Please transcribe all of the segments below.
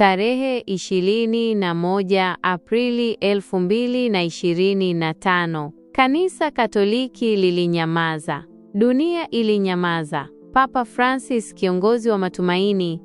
Tarehe ishirini na moja Aprili elfu mbili na ishirini na tano Kanisa Katoliki lilinyamaza, dunia ilinyamaza. Papa Francis, kiongozi wa matumaini,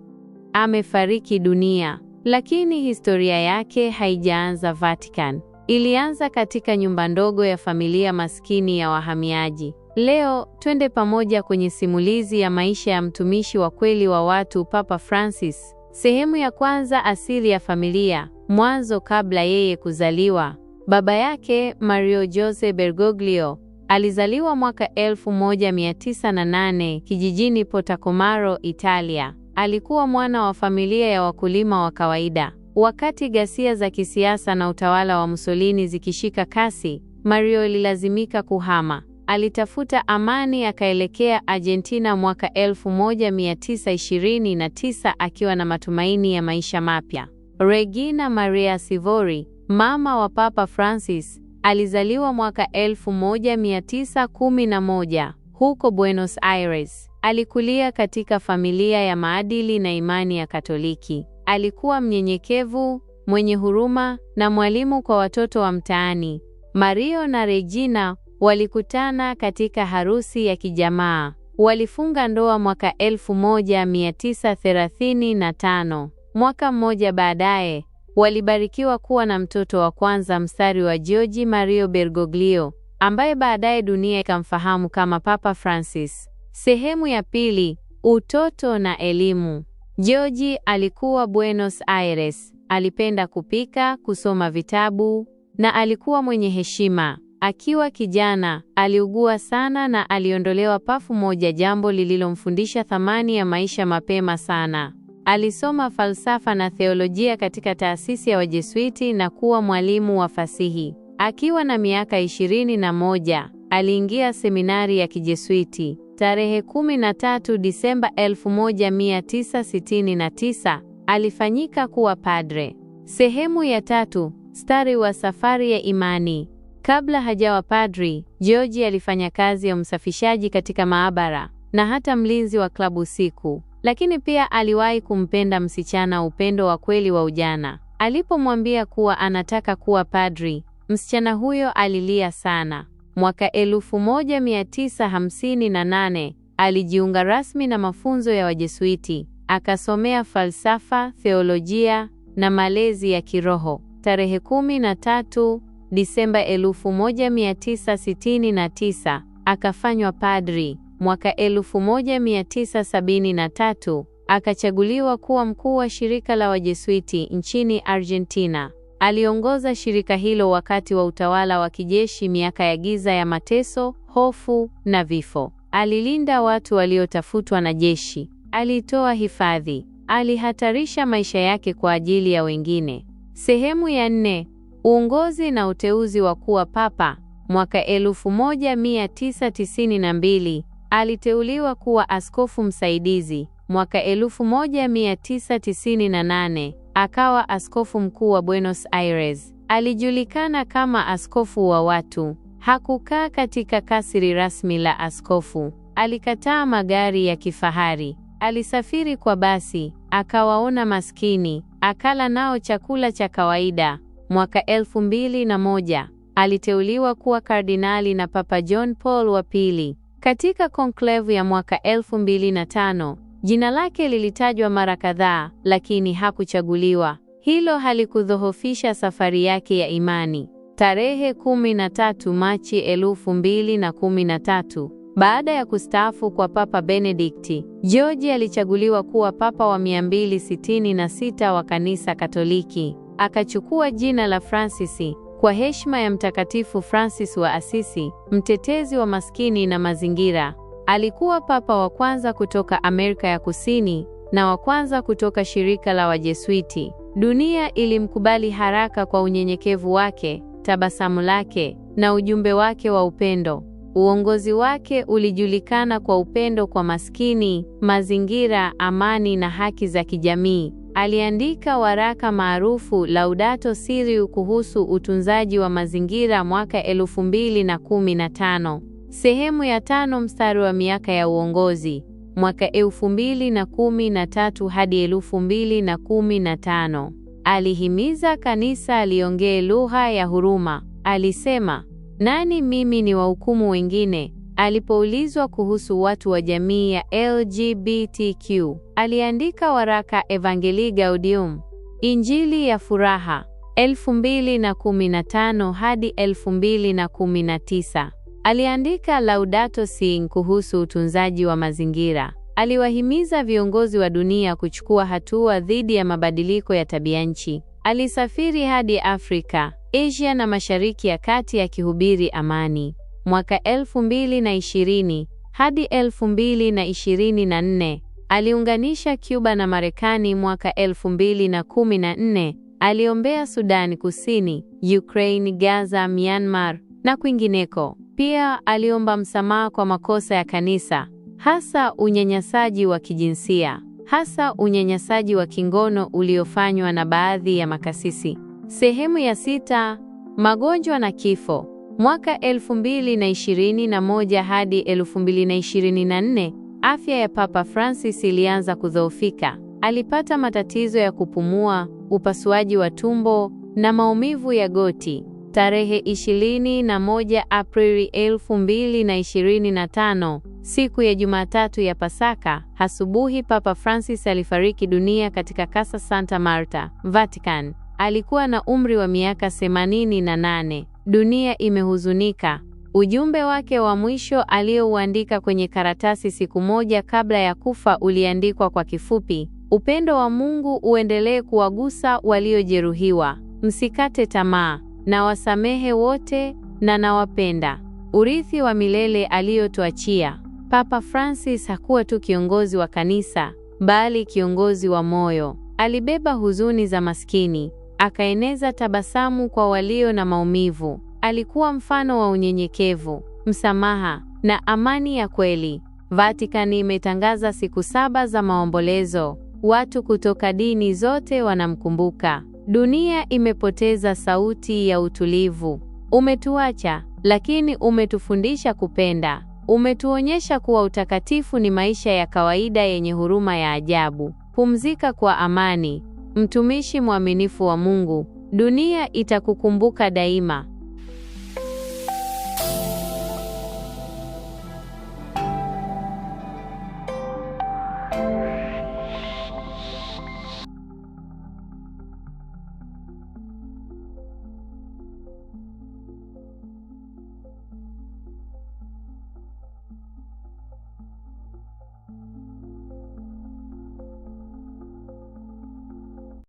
amefariki dunia, lakini historia yake haijaanza Vatican. Ilianza katika nyumba ndogo ya familia maskini ya wahamiaji. Leo twende pamoja kwenye simulizi ya maisha ya mtumishi wa kweli wa watu, Papa Francis. Sehemu ya kwanza: asili ya familia, mwanzo kabla yeye kuzaliwa. Baba yake Mario Jose Bergoglio alizaliwa mwaka 1908 kijijini Potacomaro, Italia. Alikuwa mwana wa familia ya wakulima wa kawaida. Wakati ghasia za kisiasa na utawala wa Mussolini zikishika kasi, Mario alilazimika kuhama. Alitafuta amani akaelekea Argentina mwaka 1929 akiwa na matumaini ya maisha mapya. Regina Maria Sivori, mama wa Papa Francis, alizaliwa mwaka 1911 huko Buenos Aires. Alikulia katika familia ya maadili na imani ya Katoliki. Alikuwa mnyenyekevu, mwenye huruma na mwalimu kwa watoto wa mtaani. Mario na Regina walikutana katika harusi ya kijamaa. Walifunga ndoa mwaka 1935. Mwaka mmoja baadaye, walibarikiwa kuwa na mtoto wa kwanza mstari wa Giorgio Mario Bergoglio, ambaye baadaye dunia ikamfahamu kama Papa Francis. Sehemu ya pili, utoto na elimu. Giorgio alikuwa Buenos Aires, alipenda kupika, kusoma vitabu na alikuwa mwenye heshima. Akiwa kijana, aliugua sana na aliondolewa pafu moja, jambo lililomfundisha thamani ya maisha mapema sana. Alisoma falsafa na theolojia katika taasisi ya Wajesuiti na kuwa mwalimu wa fasihi. Akiwa na miaka ishirini na moja, aliingia seminari ya Kijesuiti. Tarehe 13 Disemba 1969 alifanyika kuwa padre. Sehemu ya tatu, stari wa safari ya imani. Kabla hajawa padri, George alifanya kazi ya msafishaji katika maabara na hata mlinzi wa klabu usiku, lakini pia aliwahi kumpenda msichana upendo wa kweli wa ujana. Alipomwambia kuwa anataka kuwa padri, msichana huyo alilia sana. Mwaka 1958 alijiunga rasmi na mafunzo ya Wajesuiti, akasomea falsafa, theolojia na malezi ya kiroho. Tarehe 13 Disemba 1969 akafanywa padri. Mwaka 1973 akachaguliwa kuwa mkuu wa shirika la Wajesuiti nchini Argentina. Aliongoza shirika hilo wakati wa utawala wa kijeshi, miaka ya giza ya mateso, hofu na vifo. Alilinda watu waliotafutwa na jeshi, alitoa hifadhi, alihatarisha maisha yake kwa ajili ya wengine. Sehemu ya nne. Uongozi na uteuzi wa kuwa papa. Mwaka 1992 aliteuliwa kuwa askofu msaidizi. Mwaka 1998 akawa askofu mkuu wa Buenos Aires. Alijulikana kama askofu wa watu. Hakukaa katika kasri rasmi la askofu. Alikataa magari ya kifahari. Alisafiri kwa basi, akawaona maskini, akala nao chakula cha kawaida. Mwaka elfu mbili na moja aliteuliwa kuwa kardinali na Papa John Paul wa pili. Katika konklevu ya mwaka elfu mbili na tano jina lake lilitajwa mara kadhaa, lakini hakuchaguliwa. Hilo halikudhoofisha safari yake ya imani. Tarehe 13 Machi elfu mbili na kumi na tatu baada ya kustaafu kwa Papa Benedikti, George alichaguliwa kuwa Papa wa 266 wa Kanisa Katoliki akachukua jina la francis kwa heshima ya Mtakatifu Francis wa Asisi, mtetezi wa maskini na mazingira. Alikuwa papa wa kwanza kutoka Amerika ya Kusini na wa kwanza kutoka shirika la Wajesuiti. Dunia ilimkubali haraka kwa unyenyekevu wake, tabasamu lake na ujumbe wake wa upendo. Uongozi wake ulijulikana kwa upendo kwa maskini, mazingira, amani na haki za kijamii. Aliandika waraka maarufu Laudato Siriu kuhusu utunzaji wa mazingira mwaka 2015. Sehemu ya tano mstari wa miaka ya uongozi mwaka 2013 hadi 2015. Alihimiza kanisa liongee lugha ya huruma. Alisema, nani mimi ni wahukumu wengine Alipoulizwa kuhusu watu wa jamii ya LGBTQ, aliandika waraka Evangelii Gaudium, Injili ya Furaha, 2015 hadi 2019. Aliandika Laudato Si kuhusu utunzaji wa mazingira. Aliwahimiza viongozi wa dunia kuchukua hatua dhidi ya mabadiliko ya tabianchi. Alisafiri hadi Afrika, Asia na Mashariki ya Kati akihubiri amani. Mwaka 2020 hadi 2024 aliunganisha Cuba na Marekani. Mwaka 2014 aliombea Sudani Kusini, Ukraine, Gaza, Myanmar na kwingineko. Pia aliomba msamaha kwa makosa ya kanisa, hasa unyanyasaji wa kijinsia, hasa unyanyasaji wa kingono uliofanywa na baadhi ya makasisi. Sehemu ya sita: magonjwa na kifo. Mwaka 2021 hadi 2024, afya ya Papa Francis ilianza kudhoofika. Alipata matatizo ya kupumua, upasuaji wa tumbo na maumivu ya goti. Tarehe 21 Aprili 2025, siku ya Jumatatu ya Pasaka, asubuhi Papa Francis alifariki dunia katika Casa Santa Marta, Vatican. Alikuwa na umri wa miaka 88 dunia imehuzunika. Ujumbe wake wa mwisho aliyouandika kwenye karatasi siku moja kabla ya kufa uliandikwa kwa kifupi: upendo wa Mungu uendelee kuwagusa waliojeruhiwa, msikate tamaa, na wasamehe wote, na nawapenda. Urithi wa milele aliyotuachia. Papa Francis hakuwa tu kiongozi wa kanisa, bali kiongozi wa moyo. Alibeba huzuni za maskini akaeneza tabasamu kwa walio na maumivu. Alikuwa mfano wa unyenyekevu, msamaha na amani ya kweli. Vatikani imetangaza siku saba za maombolezo. Watu kutoka dini zote wanamkumbuka. Dunia imepoteza sauti ya utulivu. Umetuacha, lakini umetufundisha kupenda. Umetuonyesha kuwa utakatifu ni maisha ya kawaida yenye huruma ya ajabu. Pumzika kwa amani. Mtumishi mwaminifu wa Mungu, dunia itakukumbuka daima.